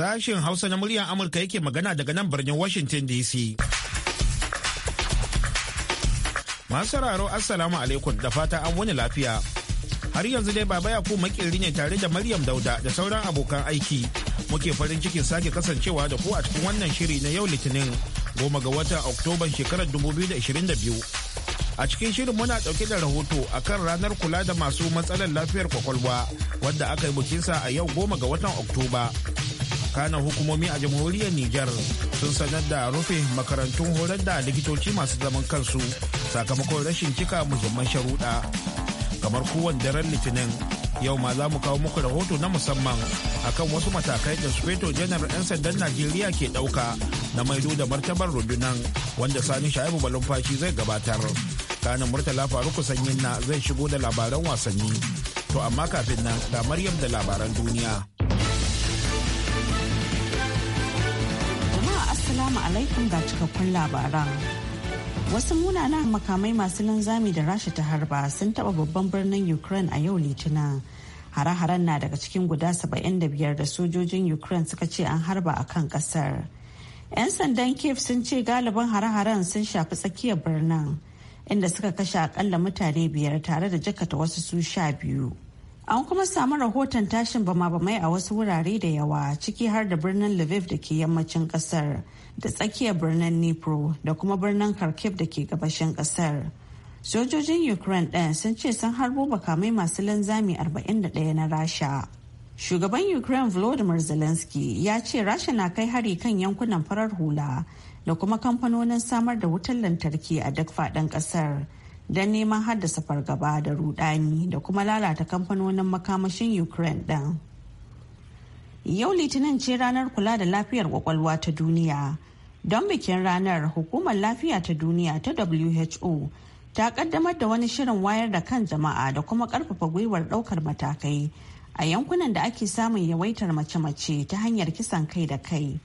Sashen Hausa na muryar Amurka yake magana daga nan birnin Washington DC. Masu raro Assalamu alaikum da fata an wani lafiya. Har yanzu dai baba ku makirri ne tare da Maryam Dauda da sauran abokan aiki. Muke farin cikin sake kasancewa da ku a cikin wannan shiri na yau Litinin goma ga watan Oktoban shekarar 2022. A cikin shirin muna ɗauke da rahoto a kan ranar kula da masu matsalar lafiyar kwakwalwa wadda aka yi bukinsa a yau goma ga watan Oktoba. kana hukumomi a jamhuriyar Nijar sun sanar da rufe makarantun horar da likitoci masu zaman kansu sakamakon rashin cika muhimman sharuɗa. Kamar kowane daren Litinin, yau ma za mu kawo muku rahoto na musamman akan wasu matakai da sufeto janar 'yan sandan Najeriya ke ɗauka na maido da martabar rundunan wanda sani shaibu balumfashi zai gabatar. Kanin Murtala Faruku Sanyin na zai shigo da labaran wasanni. To amma kafin nan ga Maryam da labaran duniya. Assalamu alaikum ga cikakkun labaran. Wasu munanan makamai masu linzami da rasha ta harba sun taba babban birnin Ukraine a yau litina Hare-haren na daga cikin guda 75 da sojojin Ukraine suka ce an harba a kan kasar. 'Yan sandan Kiev sun ce galibin hare-haren sun shafi tsakiyar birnin, inda suka kashe akalla mutane biyar tare da jakata wasu su sha biyu. An kuma samu rahoton tashin bama-bamai a wasu wurare da yawa ciki har da birnin Lviv da ke yammacin kasar da tsakiyar birnin Dnipro da kuma birnin Kharkiv da ke gabashin kasar. Sojojin Ukraine ɗin sun ce sun harbo bakamai masu linzami 41 na Rasha. Shugaban Ukraine Volodymyr Zelensky ya ce Rasha na kai hari kan yankunan farar hula da kuma kamfanonin samar da wutar lantarki a duk faɗin ƙasar. kasar. don neman haddasa fargaba da rudani da kuma lalata kamfanonin makamashin ukraine ɗin yau litinin ce ranar kula da lafiyar kwakwalwa ta duniya don bikin ranar hukumar lafiya ta duniya ta who ta kaddamar da wani shirin wayar da kan jama'a da kuma karfafa gwiwar daukar matakai a yankunan da ake samun yawaitar mace-mace ta hanyar kisan kai da kai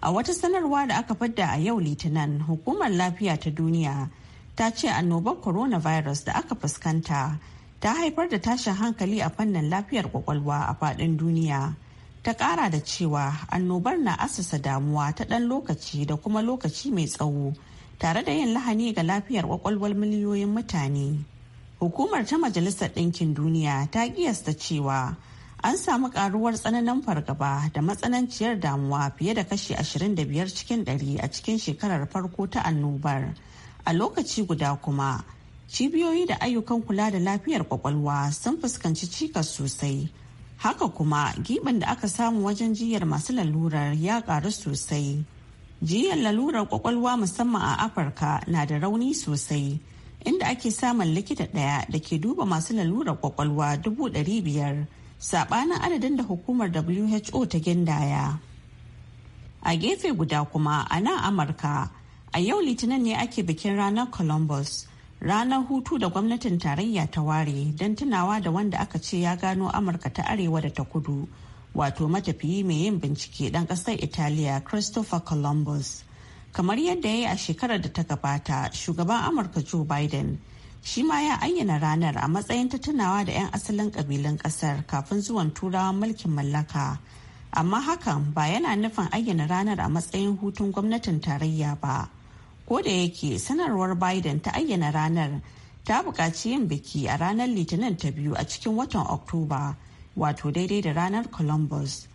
a wata sanarwa da aka fadda a yau litinin hukumar lafiya ta duniya ta ce annobar coronavirus da aka fuskanta ta haifar da tashin hankali a fannin lafiyar kwakwalwa a fadin duniya ta kara da cewa annobar na asasa damuwa ta dan lokaci da kuma lokaci mai tsawo tare da yin lahani ga lafiyar kwakwalwar miliyoyin mutane hukumar ta majalisar ɗinkin duniya ta kiyasta cewa an samu karuwar tsananin fargaba da matsananciyar damuwa fiye da kashi 25 cikin 100 a cikin shekarar farko ta annobar a lokaci guda kuma cibiyoyi da ayyukan kula da lafiyar kwakwalwa sun fuskanci cikas sosai haka kuma giɓin da aka samu wajen jiyar masu lalurar ya ƙaru sosai jiyar lalurar kwakwalwa musamman a afirka na da rauni sosai inda ake samun likita ɗaya da ke duba masu lalurar kwakwalwa dubu ɗari biyar saɓanin adadin da hukumar who ta gindaya a gefe guda kuma a nan amurka A yau Litinin ne ake bikin ranar Columbus, ranar hutu da gwamnatin tarayya ta ware don tunawa da wanda aka ce ya gano Amurka ta Arewa da ta Kudu, wato matafiyi mai yin bincike ɗan ƙasar Italiya Christopher Columbus. Kamar yadda ya yi a shekarar da ta gabata, shugaban Amurka Joe Biden shi ma ya ayyana ranar a matsayin ta tunawa da 'yan asalin ƙabilun ƙasar kafin zuwan turawan mulkin mallaka. Amma hakan ba yana nufin ayyana ranar a matsayin hutun gwamnatin tarayya ba. ko da yake sanarwar biden ta ayyana ranar ta buƙaci yin biki a ranar litinin ta biyu a cikin watan oktoba wato daidai da ranar columbus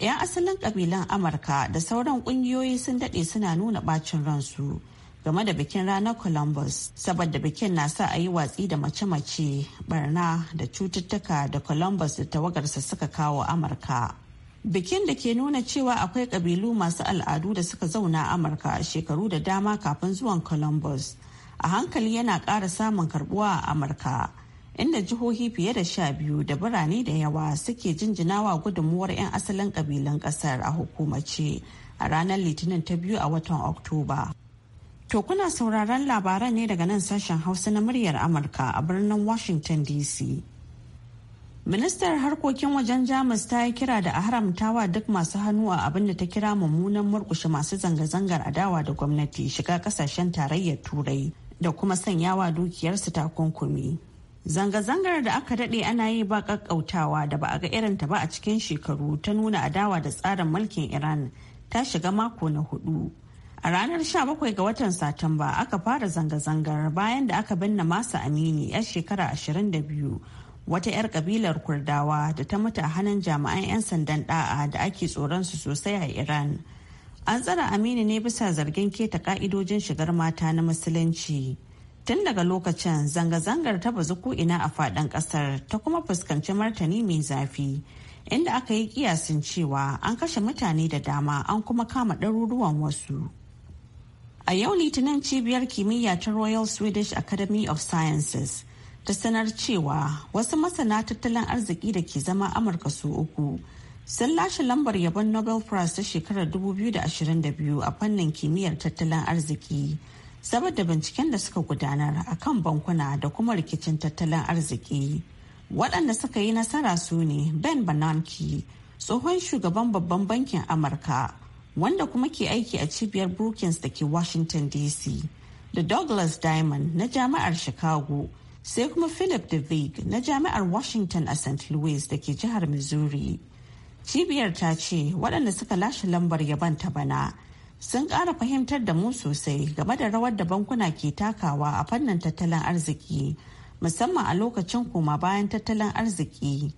'yan asalin kabilan amurka da sauran ƙungiyoyi sun daɗe suna nuna bacin ransu game da bikin ranar columbus saboda bikin na sa a yi watsi da mace-mace barna da cututtuka da columbus da tawagarsa suka kawo amurka bikin da ke nuna cewa akwai ƙabilu masu al'adu da suka zauna amurka shekaru da dama kafin zuwan columbus a hankali yana ƙara samun karbuwa a amurka inda jihohi fiye da sha biyu da birane da yawa suke jinjinawa gudunmuwar 'yan asalin ƙabilun ƙasar a hukumace a ranar litinin ta biyu a watan oktoba to kuna sauraron labaran ne daga nan sashen hausa na muryar amurka a birnin washington dc ministar harkokin wajen jamus ta yi kira da a haramtawa duk masu hannu a abin da ta kira mummunan murkushe masu zanga-zangar adawa da gwamnati shiga kasashen tarayyar turai da kuma sanyawa dukiyarsu takunkumi zanga-zangar da aka daɗe ana yi ba ƙaƙƙautawa da ba a ga irinta ba a cikin shekaru ta nuna adawa da tsarin mulkin iran ta shiga mako na hudu a ranar 17 ga watan satumba aka fara zanga-zangar bayan da aka binne masa amini 'yar shekara 22 wata 'yar kabilar kurdawa da ta mutu a hannun jami'an 'yan sandan da'a da ake tsoron su sosai a iran an tsara aminu ne bisa zargin keta ka'idojin shigar mata na musulunci tun daga lokacin zanga-zangar ta bazu ko'ina a faɗin ƙasar ta kuma fuskanci martani mai zafi inda aka yi kiyasin cewa an kashe mutane da dama an kuma kama ɗaruruwan wasu a yau litinin cibiyar kimiyya ta royal swedish academy of sciences ta sanar cewa wasu masana tattalin arziki da ke zama amurka su uku sun lashe lambar yabon nobel prize ta shekarar 2022 a fannin kimiyyar tattalin arziki saboda binciken da suka gudanar a kan bankuna da kuma rikicin tattalin arziki waɗanda suka yi nasara su ne ben bananki tsohon shugaban babban bankin amurka wanda kuma ke aiki a cibiyar brookings da ke washington dc da douglas diamond na jami'ar chicago sai kuma philip de Vig na jami'ar washington a st louis da ke jihar missouri cibiyar ta ce waɗanda suka lashe lambar yaban ta bana sun ƙara fahimtar da mu sosai game da rawar da bankuna ke takawa a fannin tattalin arziki musamman a lokacin koma bayan tattalin arziki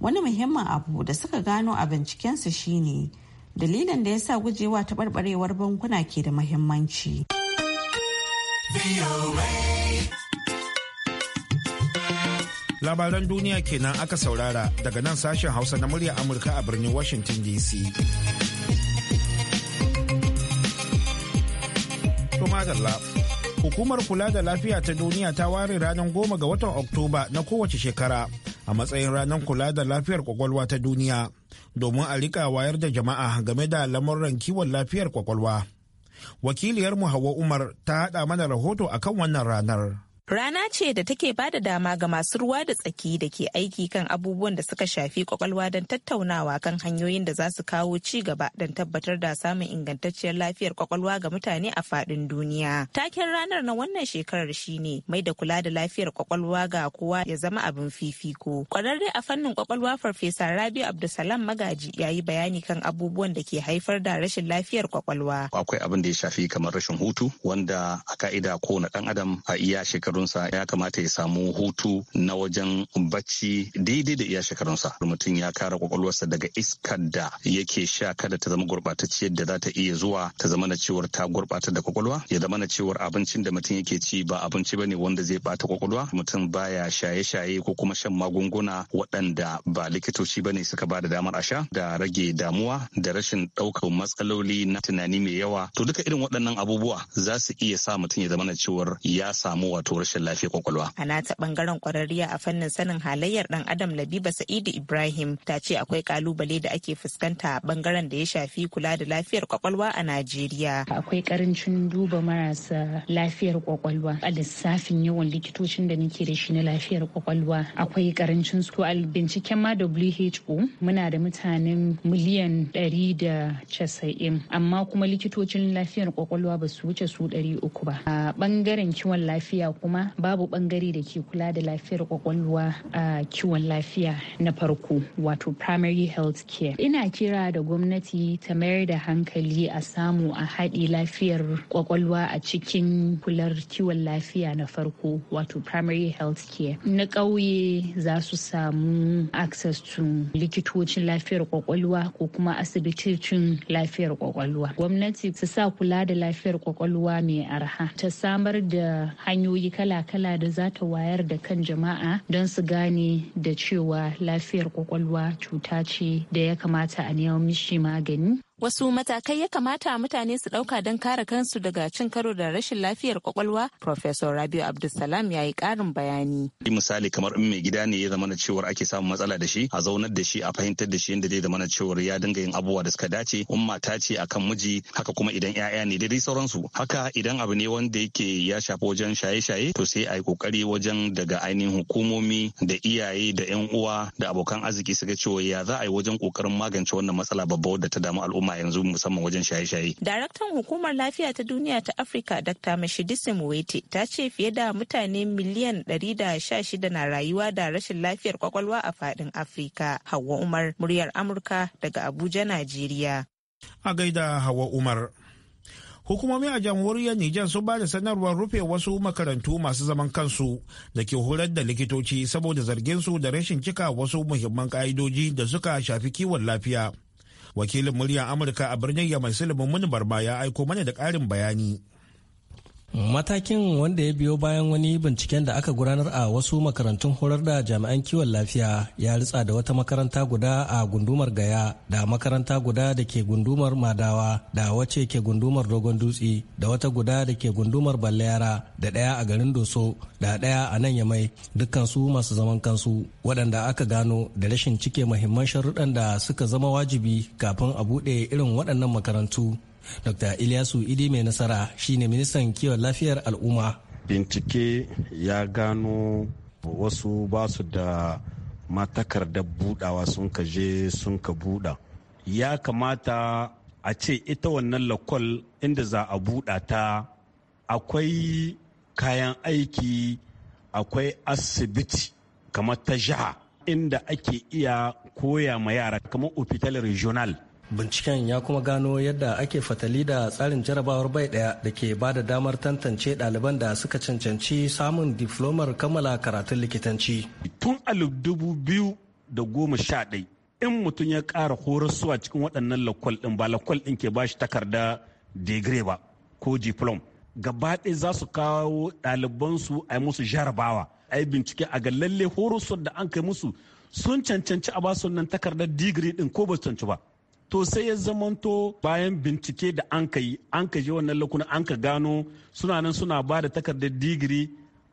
wani muhimmin abu da suka gano a bincikensu shine dalilin da ya sa gujewa taɓarɓarewar bankuna ke da muhimmanci. labaran duniya kenan aka saurara daga nan sashen hausa na murya amurka a birnin washington dc hukumar kula da lafiya ta duniya ta ware ranar goma ga watan oktoba na kowace shekara a matsayin ranar kula da lafiyar kwakwalwa ta duniya domin a rika wayar da jama'a game da lamuran kiwon lafiyar kwakwalwa wakiliyarmu hawa umar ta haɗa mana rahoto akan wannan ranar Rana ce da take ba da dama ga masu ruwa da tsaki da ke aiki kan abubuwan da suka shafi kwakwalwa don tattaunawa kan hanyoyin da za su kawo ci gaba don tabbatar da samun ingantacciyar lafiyar kwakwalwa ga mutane a fadin duniya. Taken ranar na wannan shekarar shine mai da kula da lafiyar kwakwalwa ga kowa ya zama abin fifiko. Kwararre a fannin kwakwalwa Farfesa Rabi Abdulsalam Magaji ya yi bayani kan abubuwan da ke haifar da rashin lafiyar kwakwalwa. Akwai abin da ya shafi kamar rashin hutu wanda a ka'ida kowane ɗan adam a iya shekaru shekarunsa ya kamata ya samu hutu na wajen bacci daidai da iya shekarunsa mutum ya kare kwakwalwarsa daga iskar da yake sha kada ta zama gurɓatacciyar da za ta iya zuwa ta zama na cewar ta gurɓata da kwakwalwa ya zama na cewar abincin da mutum yake ci ba abinci ba ne wanda zai bata kwakwalwa mutum baya shaye-shaye ko kuma shan magunguna waɗanda ba likitoci ba ne suka ba da damar a sha da rage damuwa da rashin ɗaukar matsaloli na tunani mai yawa to duka irin waɗannan abubuwa za su iya sa mutum ya zama na cewar ya samu wato rashin rashin lafiya kwakwalwa. A nata bangaren kwararriya a fannin sanin halayyar dan Adam Labiba Sa'idu Ibrahim ta ce akwai kalubale da ake fuskanta a bangaren da ya shafi kula da lafiyar kwakwalwa a Najeriya. Akwai karancin duba marasa lafiyar kwakwalwa a lissafin yawan likitocin da nake da shi na lafiyar kwakwalwa. Akwai karancin su a binciken ma WHO muna da mutanen miliyan ɗari da casa'in, amma kuma likitocin lafiyar kwakwalwa ba su wuce su ɗari uku ba. A bangaren kiwon lafiya kuma kuma babu bangare da ke kula da lafiyar kwakwalwa a kiwon lafiya na farko wato primary health care ina kira da gwamnati ta mayar da hankali a samu a haɗi lafiyar kwakwalwa a cikin kular kiwon lafiya na farko wato primary health care na ƙauye za su samu access to likitocin lafiyar kwakwalwa ko kuma asibitocin lafiyar kwakwalwa gwamnati su sa kula da lafiyar kwakwalwa mai arha ta samar da hanyoyi kala-kala da za ta wayar da kan jama'a don su gane da cewa lafiyar kwakwalwa cuta ce da ya kamata a neman mishi magani wasu matakai ya kamata mutane su ɗauka don kare kansu daga cin karo da rashin lafiyar kwakwalwa professor rabiu abdulsalam ya yi ƙarin bayani misali kamar in mai gida ne ya zama na cewar ake samun matsala da shi a zaunar da shi a fahimtar da shi yadda zai zama na cewar ya dinga yin abubuwa da suka dace in mata ce a kan miji haka kuma idan 'ya'ya ne daidai sauransu haka idan abu ne wanda yake ya shafi wajen shaye-shaye to sai a yi kokari wajen daga ainihin hukumomi da iyaye da ƴan uwa da abokan arziki su ga cewa ya za a yi wajen kokarin magance wannan matsala babba wadda ta damu al'umma yanzu musamman wajen shaye-shaye. Daraktan hukumar lafiya ta duniya ta Afirka Dr. mashidisi Wete ta ce fiye da mutane miliyan 116 na rayuwa da rashin lafiyar kwakwalwa a fadin afrika Hauwa Umar, muryar Amurka daga Abuja, Najeriya. A gaida Hauwa Umar. hukumomi a jamhuriyar Nijar sun ba da sanarwar rufe wasu makarantu masu zaman kansu da ke horar da likitoci saboda zargin su da rashin cika wasu muhimman ka'idoji da suka shafi kiwon lafiya. wakilin muryar amurka a birnin yamai silimin muni barma ya aiko mana da ƙarin bayani Matakin wanda ya biyo bayan wani binciken da aka gudanar a wasu makarantun horar da jami'an kiwon lafiya ya ritsa da wata makaranta guda a gundumar Gaya da makaranta guda da ke gundumar Madawa da wace ke gundumar Dogon Dutse da wata guda da ke gundumar Ballayara da ɗaya a garin Doso da ɗaya a nan Yamai dukkansu masu zaman kansu waɗanda aka gano da rashin cike muhimman sharuɗan da suka zama wajibi kafin a buɗe irin waɗannan makarantu. Dr. Ilyasu Idi mai nasara shine ministan kiwon lafiyar al'umma. Bincike ya gano wasu ba su da matakardar budawa sun ka je sun ka buda. Ya kamata a ce ita wannan lakol inda za a buɗa ta akwai kayan aiki akwai asibiti kamar ta jiha inda ake iya koya ma yara kamar hospital regional binciken ya kuma gano yadda ake fatali da tsarin jarabawar bai daya da ke ba da damar tantance ɗaliban da suka cancanci samun diflomar kammala karatun likitanci tun alif dubu biyu da goma sha ɗai in mutum ya ƙara horaswa cikin waɗannan lakwal ɗin ba lakwal ɗin ke ba shi takarda digire ba ko diflom gaba ɗaya za su kawo ɗalibansu a musu jarabawa a yi bincike a ga lalle horaswar da an kai musu sun cancanci a ba su nan takardar digiri ɗin ko ba su cancanci ba to sai ya zamanto bayan bincike da an ka yi an ka je wannan lokuna an ka gano suna nan suna ba da takardar digiri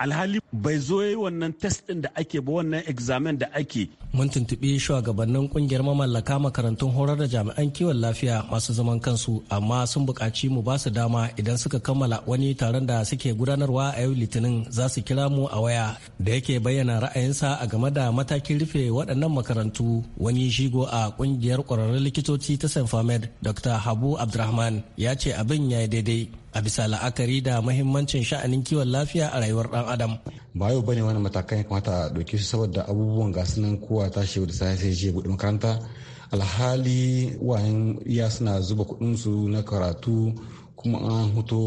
alhali bai zo yi wannan test din da ake ba wannan examen da ake. Mun tuntuɓi shugabannin kungiyar mamallaka makarantun horar da jami'an kiwon lafiya masu zaman kansu amma sun buƙaci mu ba su dama idan suka kammala wani taron da suke gudanarwa a yau litinin za su kira mu a waya da yake bayyana ra'ayinsa a game da matakin rufe waɗannan makarantu wani shigo a kungiyar ƙwararrun likitoci ta Sanfamed Dr. Habu Abdurrahman ya ce abin ya yi daidai a bisa la'akari da mahimmancin sha'anin kiwon lafiya a rayuwar dan adam ba yau bane wani matakan ya kamata a ɗauke su saboda abubuwan gasu nan kowa ta shi da sai je buɗe makaranta alhali wayan iya suna zuba kuɗin su na karatu kuma an hoto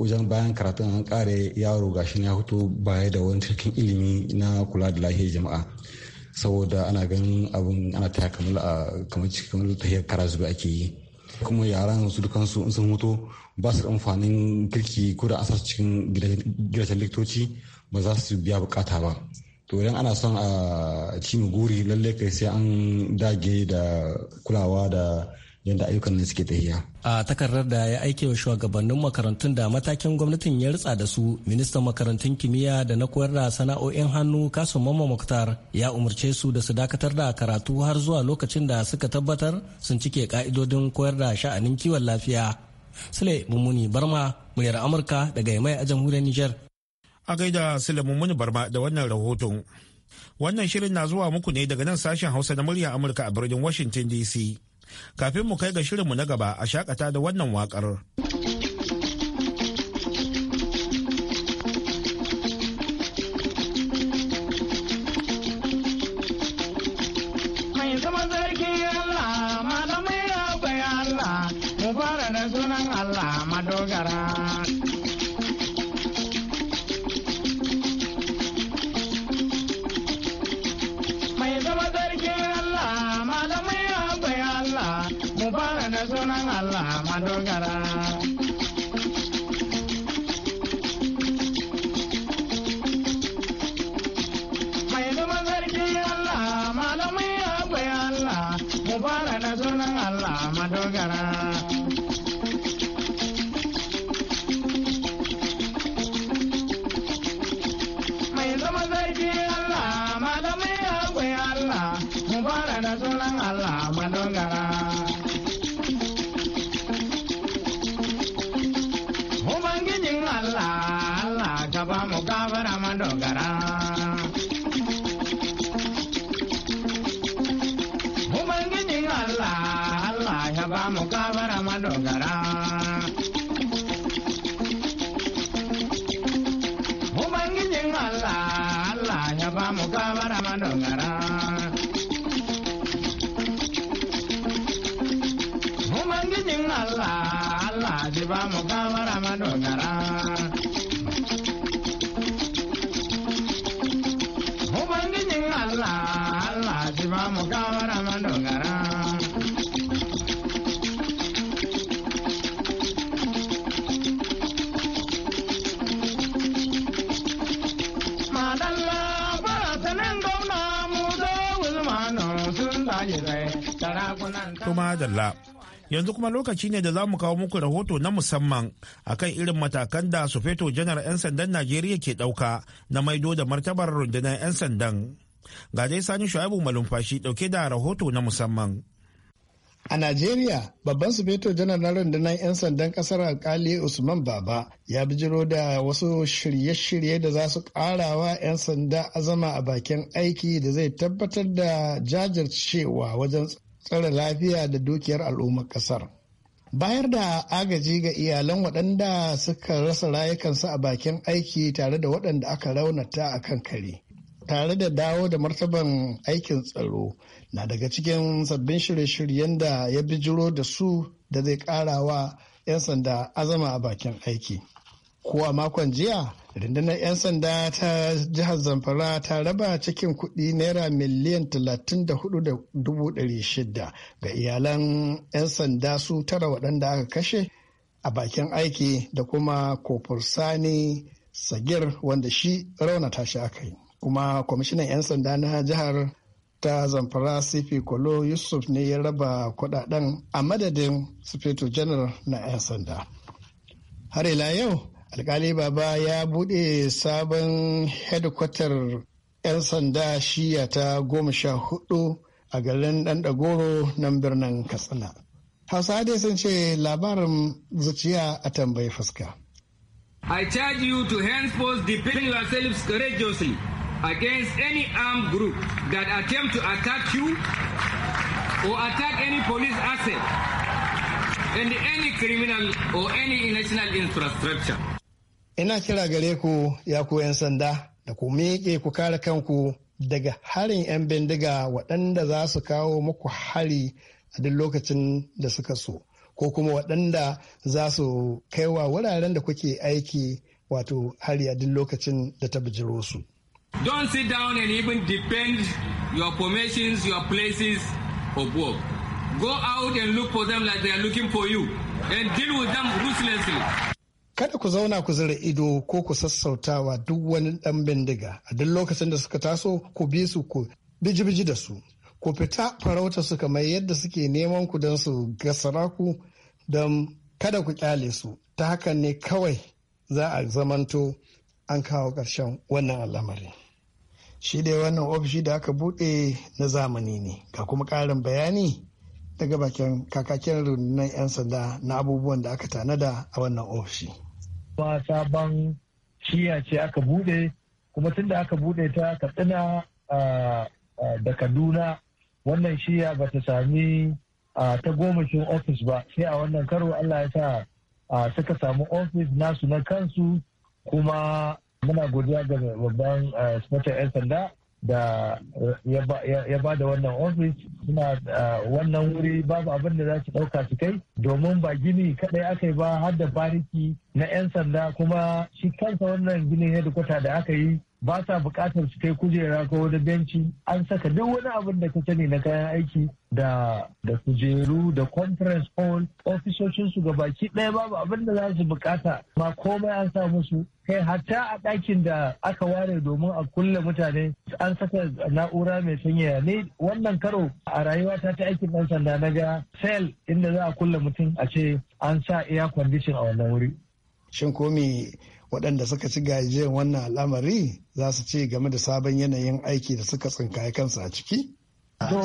wajen bayan karatun an kare yaro gashi ya hoto baya da wani cikin ilimi na kula da lafiyar jama'a saboda ana ganin abin ana taya kamar a kamar cikin karatu ake yi kuma yaran su dukansu in sun hoto ba su da amfanin kirki ko da asar cikin gidajen likitoci ba za su biya bukata ba to idan ana son a ci guri lallai kai sai an dage da kulawa da yadda ayyukan nan suke tahiya. A takardar da ya aike wa shugabannin makarantun da matakin gwamnatin ya ritsa da su, ministan makarantun kimiyya da na koyar da sana'o'in hannu kasu mamma muktar ya umarce su da su dakatar da karatu har zuwa lokacin da suka tabbatar sun cike ka'idodin koyar da sha'anin kiwon lafiya. Sule Mummuni Barma muryar Amurka daga Yamai a jamhuriyar Nijar. A gaida Sule Mummuni Barma da wannan rahoton. Wannan shirin na zuwa muku ne daga nan sashen Hausa na muryar Amurka a birnin Washington DC. Kafin mu kai ga shirinmu na gaba a shakata da wannan waƙar. Manongara. madalla. Yanzu kuma lokaci ne da za mu kawo muku rahoto na musamman akan irin matakan da Sufeto Janar 'yan sandan Najeriya ke ɗauka na maido da martabar rundunar 'yan sandan. Ga dai Sani Shu'aibu Malumfashi ɗauke da rahoto na musamman. A Najeriya, babban sufeto janar na rundunar 'yan sandan kasar alkali Usman Baba ya bijiro da wasu shirye-shirye da za su karawa 'yan sanda azama a bakin aiki da zai tabbatar da jajircewa wajen tsare lafiya da dukiyar al'ummar kasar bayar da agaji ga iyalan waɗanda suka rasa rayukansu a bakin aiki tare da waɗanda aka raunata a kan kare tare da dawo da martaban aikin tsaro na daga cikin sabbin shirye-shiryen da ya bijiro da su da zai ƙara wa 'yan sanda azama a bakin aiki ko makon jiya rundunar 'yan sanda ta jihar zamfara ta raba cikin kuɗi naira miliyan 34,600 ga iyalan 'yan sanda su tara waɗanda aka kashe a bakin aiki da kuma kofursani sagir wanda shi raunata shi aka yi kuma kwamishinan 'yan sanda na jihar ta zamfara cp kolo yusuf ne ya raba kudaden a madadin sufeto janar na 'yan sanda har ila yau alkali baba ya bude sabon hedkwatar 'yan sanda shiya ta goma sha hudu a garin ɗanɗagoro nan birnin katsina hausa dai sun ce labarin zuciya a tambayi fuska I charge you to henceforth defend yourselves courageously against any armed group that attempt to attack you or attack any police asset and any criminal or any national infrastructure. ina kira gare ku ya ku 'yan sanda da ku miƙe ku kare kanku daga harin 'yan bindiga waɗanda za su kawo muku hari a duk lokacin da suka so ko kuma waɗanda za su kai wa wuraren da kuke aiki wato hari a duk lokacin da ta bijiro su. Don't sit down and even defend your formations, your places of work. Go out and look for them like they are looking for you and deal with them ruthlessly. kada ku zauna ku zira ido ko ku sassautawa duk wani dan bindiga a duk lokacin da suka taso ku bi su ku biji-biji da su ku fita farauta su kamar yadda suke neman ku don su gasara ku don kada ku kyale su ta hakan ne kawai za a zamanto an kawo ƙarshen wannan al'amari shi dai wannan ofishi da aka buɗe na zamani ne ga kuma ƙarin bayani daga bakin kakakin rundunar 'yan sanda na abubuwan da aka tanada a wannan ofishi. kuma sabon shiya ce aka bude kuma tunda aka bude ta katsina da kaduna wannan shiya ba ta sami ta gomashin ofis ba sai a wannan karo allah ya sa suka samu ofis nasu na kansu kuma muna godiya ga babban smatar 'yan sanda da ya ba da wannan ofis suna wannan wuri babu abin da za su ɗauka su kai domin ba gini kaɗai aka yi ba har da bariki na 'yan sanda kuma shi kansa wannan ginin hedikwata da aka yi ba sa bukatar su kai kujera ko wani benci an saka duk wani abin da ka sani na kayan aiki da da kujeru da conference hall ofisoshin su ga baki ɗaya babu abin da za su bukata ma komai an sa musu kai hatta a ɗakin da aka ware domin a kulle mutane an saka na'ura mai sanyaya ne wannan karo a rayuwa ta ta aikin ɗan sanda na ga cell inda za a kulle mutum a ce an sa air condition a wannan wuri. Shin komi. waɗanda suka ci gajiyar wannan al'amari za su ce game da sabon yanayin aiki da suka tsinkaye kansu a ciki? To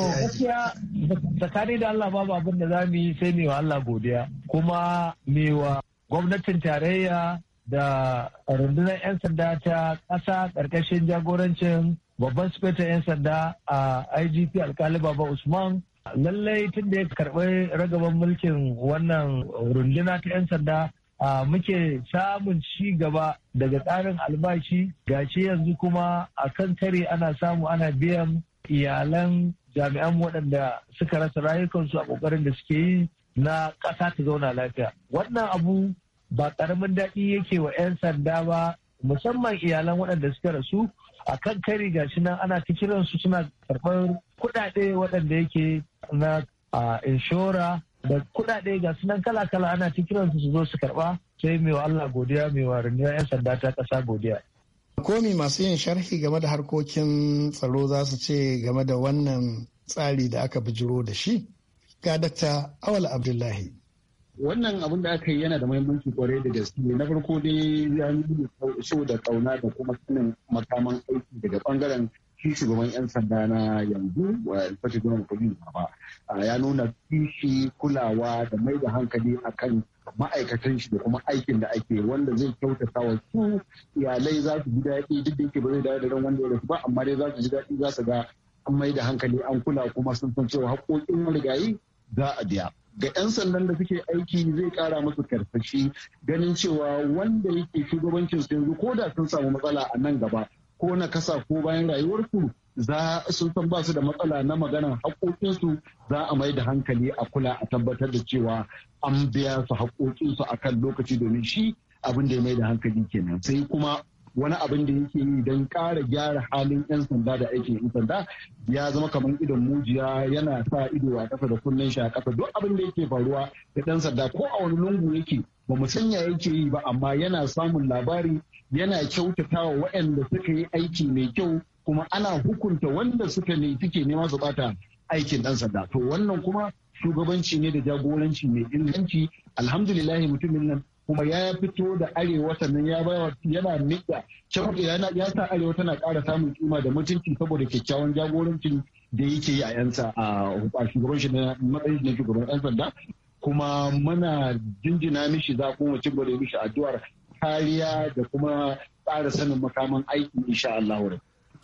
da Allah babu abin da za mu yi sai wa Allah godiya kuma wa gwamnatin tarayya da rundunar 'yan sanda ta ƙasa ƙarƙashin jagorancin babban sifetar 'yan sanda a IGP alkali Baba Usman lallai tun da ya karɓi ragaban mulkin wannan runduna ta 'yan sanda muke samun ci gaba daga tsarin albashi ga shi yanzu kuma a kan kare ana samu ana biyan iyalan jami'an waɗanda suka rasa rayukansu a ƙoƙarin da suke yi na ƙasa ta zauna lafiya wannan abu ba ƙaramin daɗi yake wa 'yan sanda ba musamman iyalan waɗanda suka rasu a kan kari shi nan ana ta kiransu suna karɓar kuɗaɗe waɗanda yake na inshora da kudade, ga sunan kala-kala ana cikin kiransu su zo su karba, sai mai Allah godiya mai wa 'yan sanda ta kasa godiya. Komi masu yin sharhi game da harkokin tsaro za su ce game da wannan tsari da aka bijiro da shi ga dr Awal Abdullahi. Wannan abin da aka yi yana da muhimmanci kwarai da gaske na farko dai ya yi so da kauna da kuma sanin makaman aiki daga bangaren shi shugaban 'yan sanda na yanzu Alfati Gwamnan ba ba ya nuna kishi kulawa da mai da hankali a kan ma'aikatan shi da kuma aikin da ake wanda zai kyautata wa su iyalai za su ji daɗi duk da yake ba zai dawo da ran wanda ya rasu ba amma dai za su ji daɗi za su ga an mai da hankali an kula kuma sun san cewa haƙoƙin marigayi za a biya. ga 'yan sandan da suke aiki zai kara musu karsashi ganin cewa wanda yake shugabancin su yanzu ko da sun samu matsala a nan gaba ko na kasa ko bayan rayuwarsu za sun san ba su da matsala na maganar haƙoƙinsu za a mai da hankali a kula a tabbatar da cewa an biya su haƙoƙinsu a kan lokaci domin shi abin da ya mai da hankali kenan sai kuma wani abin da yake yi don ƙara gyara halin 'yan sanda da aiki 'yan sanda ya zama kamar idon mujiya yana sa ido a ƙasa da kunnen shi a ƙasa duk abin da yake faruwa da ɗan sanda ko a wani lungu yake ba mu sanya yake yi ba amma yana samun labari yana kyautatawa waɗanda suka yi aiki mai kyau kuma ana hukunta wanda suka ne suke nema su bata aikin ɗan sanda to wannan kuma shugabanci ne da jagoranci mai inganci alhamdulillah mutumin nan kuma ya fito da arewa sannan ya bawa yana miƙa ya sa arewa tana ƙara samun kima da mutunci saboda kyakkyawan jagorancin da yake yi a yansa a shugaban shi na matsayin na shugaban yan sanda kuma muna jinjina mishi za kuma ci da mishi addu'ar kariya da kuma tsara sanin makaman aiki insha Allah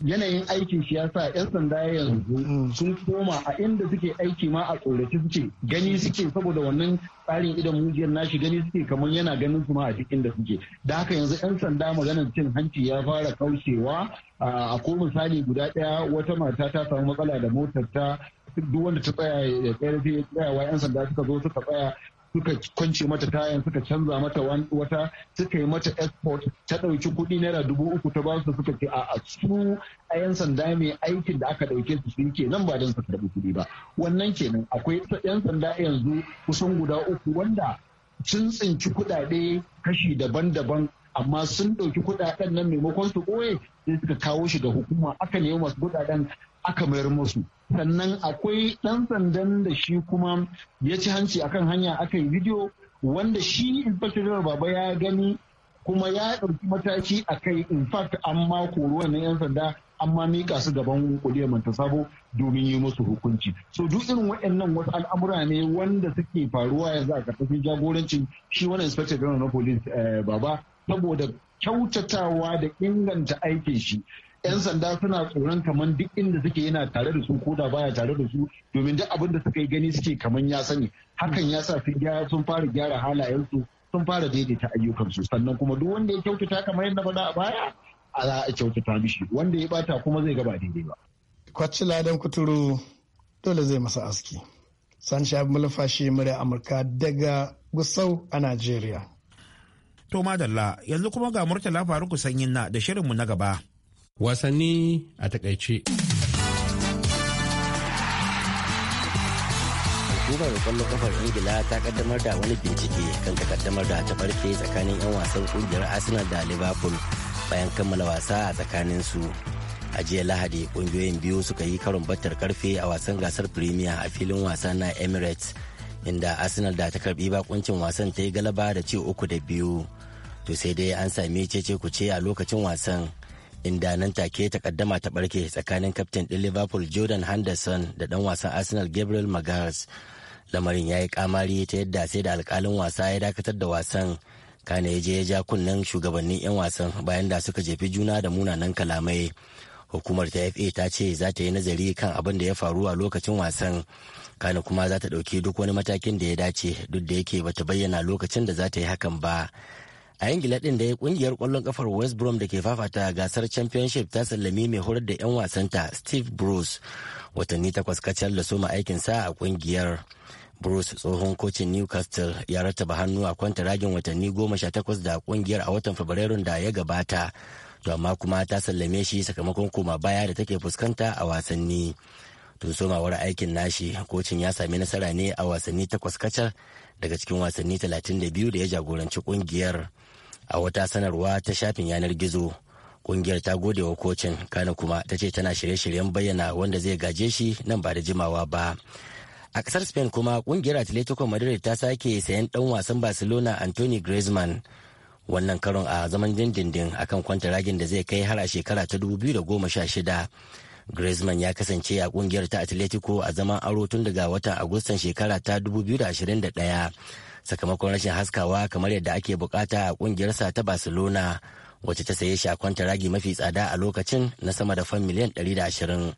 yanayin aikin shi yasa yan sanda yanzu mm-hmm. sun koma a inda suke aiki ma a tsoraci suke gani suke saboda wannan tsarin idan mujiyar nashi gani suke kamar yana ganin su ma a cikin da suke da haka yanzu yan sanda maganar cin hanci ya fara kaucewa a ko misali guda daya wata mata ta samu matsala da motar ta duk wanda ta tsaya ya tsaya ya tsaya wa yan sanda suka zo suka tsaya suka kwance mata tayan suka canza mata wata suka yi mata export ta ɗauki kuɗi naira dubu uku ta basu suka ce a su a yan sanda mai aikin da aka ɗauke su sun ke nan ba don su karɓi kuɗi ba wannan kenan akwai yan sanda yanzu kusan guda uku wanda sun tsinci kuɗaɗe kashi daban-daban amma sun ɗauki kuɗaɗen nan maimakon su ɓoye sai suka kawo shi ga hukuma aka nemi masu kuɗaɗen aka mayar musu sannan akwai ɗan sandan da shi kuma ya ci hanci akan hanya aka yi bidiyo wanda shi inspector general baba ya gani kuma ya ɗauki mataki a kai in fact an ma koruwa na 'yan sanda an ma mika su gaban kuliyar manta sabo domin yi musu hukunci so duk irin waɗannan wasu al'amura ne wanda suke faruwa yanzu a ƙarƙashin jagorancin shi wani inspector general na police eh, baba saboda kyautatawa da inganta aikin shi 'yan sanda suna tsoron kamar duk inda suke yana tare da su ko da baya tare da su domin duk abin da suka yi gani suke kamar ya sani hakan ya sa sun fara gyara halayensu sun fara daidaita ayyukansu sannan kuma duk wanda ya kyautata kamar yadda faɗa a baya a za a kyautata mishi wanda ya bata kuma zai gaba daidai ba. Kwacci ladan kuturu dole zai masa aski. Sanshi abin mulfashi murya Amurka daga Gusau a Najeriya. To madalla yanzu kuma ga Murtala Faruku Sanyin na da shirinmu na gaba. Wasanni a takaice. hukumar kwallon kafar ingila ta kaddamar da wani bincike kan takaddamar da ta farke tsakanin 'yan wasan kungiyar arsenal da liverpool bayan kammala wasa a tsakanin su a jiya lahadi kungiyoyin biyu suka yi karon battar karfe a wasan gasar premier a filin wasa na emirates inda arsenal da ta karbi bakuncin wasan ta yi galaba da ci uku da biyu to sai dai an sami cece kuce a lokacin wasan inda nan take takaddama ta barke tsakanin kaftin ɗin liverpool jordan henderson da ɗan wasan arsenal gabriel magalhaes lamarin ya yi kamari ta yadda sai da alkalin wasa ya dakatar da wasan kane ya je ya ja kunnen shugabannin 'yan wasan bayan da suka jefi juna da munanan kalamai hukumar ta fa ta ce za ta yi nazari kan abin da ya faru a lokacin wasan kane kuma za ta ɗauki duk wani matakin da ya dace duk da yake bata bayyana lokacin da za ta yi hakan ba a ingila din da ya kungiyar kwallon kafar west brom da ke fafata gasar championship ta sallami mai horar da 'yan wasanta steve bruce watanni takwas kacal da soma aikinsa a kungiyar bruce tsohon kocin newcastle ya rattaba hannu a kwanta ragin watanni goma sha takwas da kungiyar a watan fabrairun da ya gabata to amma kuma ta sallame shi sakamakon koma baya da take fuskanta a wasanni tun somawar aikin nashi kocin ya sami nasara ne a wasanni takwas kacal daga cikin wasanni 32 da ya jagoranci kungiyar a wata sanarwa ta shafin yanar gizo kungiyar ta gode wa kocin kana kuma ta ce tana shirye-shiryen bayyana wanda zai gaje shi nan ba da jimawa ba a kasar spain kuma kungiyar atletico madrid ta sake sayan dan wasan barcelona anthony griezmann wannan karon a zaman dindindin akan ragin da zai kai har a shekara ta 2016 Griezmann ya kasance a kungiyar ta Atletico a zaman aro tun daga watan Agustan shekara ta 2021 sakamakon rashin haskawa kamar yadda ake bukata a kungiyarsa ta barcelona wacce ta saye shi a ragi mafi tsada a lokacin na sama da fan miliyan 120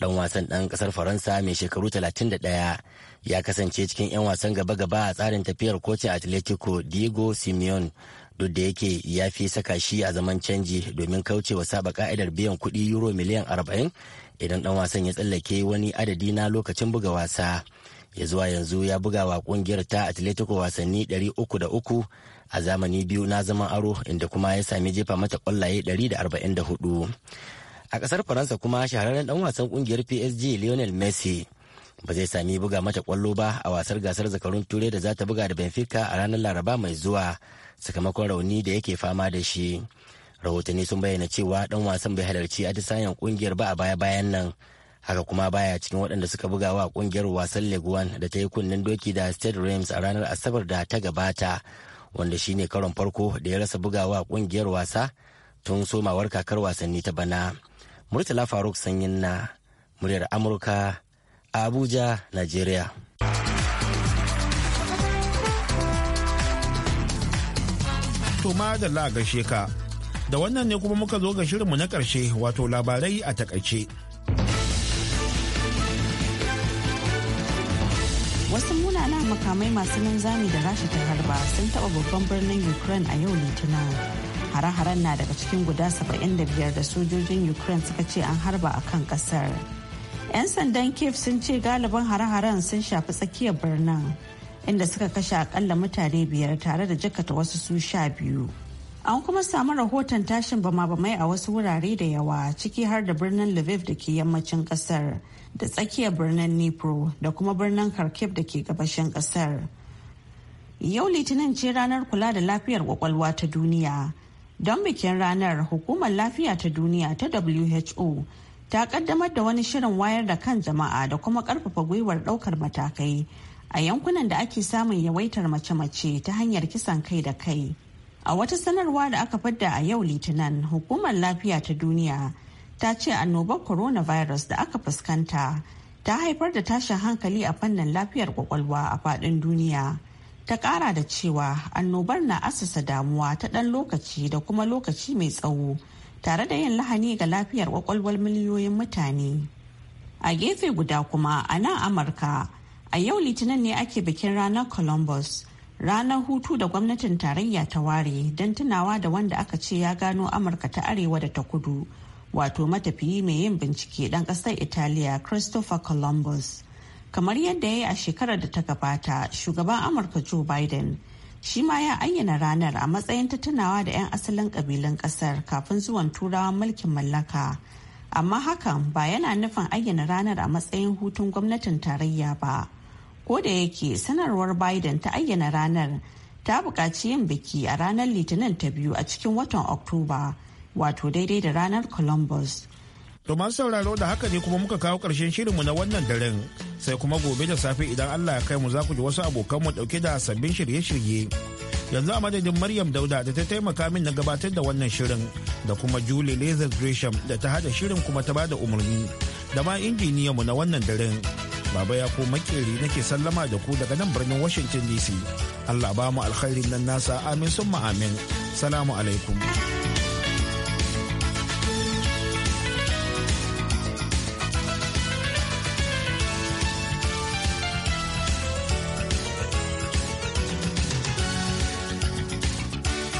dan wasan dan kasar faransa mai shekaru 31 ya kasance cikin 'yan wasan gaba-gaba a tsarin tafiyar kocin atletico diego simeon duk da yake ya fi saka shi a zaman canji domin kauce wa saba ka'idar biyan kuɗi euro miliyan 40 idan dan wasan ya tsallake wani adadi na lokacin buga wasa ya zuwa yanzu ya buga wa kungiyar ta atletico wasanni 303 a zamani biyu na zaman aro inda kuma ya sami jefa mata kwallaye 144 a kasar faransa kuma shahararren dan wasan kungiyar psg lionel messi ba zai sami buga mata kwallo ba a wasar gasar zakarun turai da za ta buga da benfica a ranar laraba mai zuwa sakamakon rauni da yake fama da shi rahotanni sun bayyana cewa dan wasan bai halarci atisayen kungiyar ba a baya-bayan nan haka kuma baya cikin waɗanda suka buga wa ƙungiyar wasan leguan da ta yi kunnen doki da state rams a ranar asabar da ta gabata wanda shine karon farko da ya rasa bugawa ƙungiyar wasa tun somawar kakar wasanni ta bana murtala faruk sanyin na muryar amurka abuja nigeria da da wannan ne kuma muka zo ga shirinmu na ƙarshe wato labarai a takaice. wasu munanan makamai masu linzami da rasha ta harba sun taba babban birnin ukraine a yau litinin hare-haren na daga cikin guda 75 da sojojin ukraine suka ce an harba a kan kasar 'yan sandan kiev sun ce galibin hare-haren sun shafi tsakiyar birnin inda suka kashe akalla mutane biyar tare da jakata wasu su sha biyu An kuma samu rahoton tashin bama-bamai a wasu wurare da yawa ciki har da birnin Lviv da ke yammacin kasar da tsakiyar birnin Nipro da kuma birnin Kharkiv da ke gabashin kasar. Yau Litinin ce ranar kula da lafiyar kwakwalwa ta duniya. Don bikin ranar hukumar lafiya ta duniya ta WHO ta kaddamar da wani shirin wayar da kan jama'a da kuma karfafa gwiwar daukar matakai a yankunan da ake samun yawaitar mace-mace ta hanyar kisan kai da kai A wata sanarwa da aka fadda a yau Litinin, Hukumar Lafiya ta Duniya ta ce annobar coronavirus da aka fuskanta ta haifar da tashin hankali a fannin lafiyar kwakwalwa a faɗin duniya. Ta ƙara da cewa annobar na asasa damuwa ta ɗan lokaci da kuma lokaci mai tsawo tare da yin lahani ga lafiyar kwakwalwar miliyoyin mutane. A gefe guda kuma a nan Amurka, a yau Litinin ne ake bikin ranar Columbus. ranar hutu da gwamnatin tarayya ta ware don tunawa da wanda aka ce ya gano amurka ta arewa da ta kudu wato matafiyi mai yin bincike dan ƙasar italiya christopher columbus kamar yadda ya yi a shekarar da ta gabata shugaban amurka joe biden shi ma ya ayyana ranar a matsayin ta tunawa da 'yan asalin ƙabilun ƙasar kafin zuwan turawan mulkin mallaka amma hakan ba yana nufin ayyana ranar a matsayin hutun gwamnatin tarayya ba. ko da yake sanarwar biden ta ayyana ranar ta bukaci yin biki a ranar litinin ta biyu a cikin watan oktoba wato daidai da ranar columbus to masu sauraro da haka ne kuma muka kawo ƙarshen shirinmu na wannan daren sai kuma gobe da safe idan allah ya kai mu za ku ji wasu abokanmu ɗauke da sabbin shirye-shirye yanzu a madadin maryam dauda da ta taimaka min na gabatar da wannan shirin da kuma julie lazar gresham da ta hada shirin kuma ta bada umarni da ma injiniyanmu na wannan daren Baba ya ko makeri nake sallama da ku daga nan birnin Washington DC. Allah ba mu alkhairin nan nasa amin mu amin. Salamu alaikum.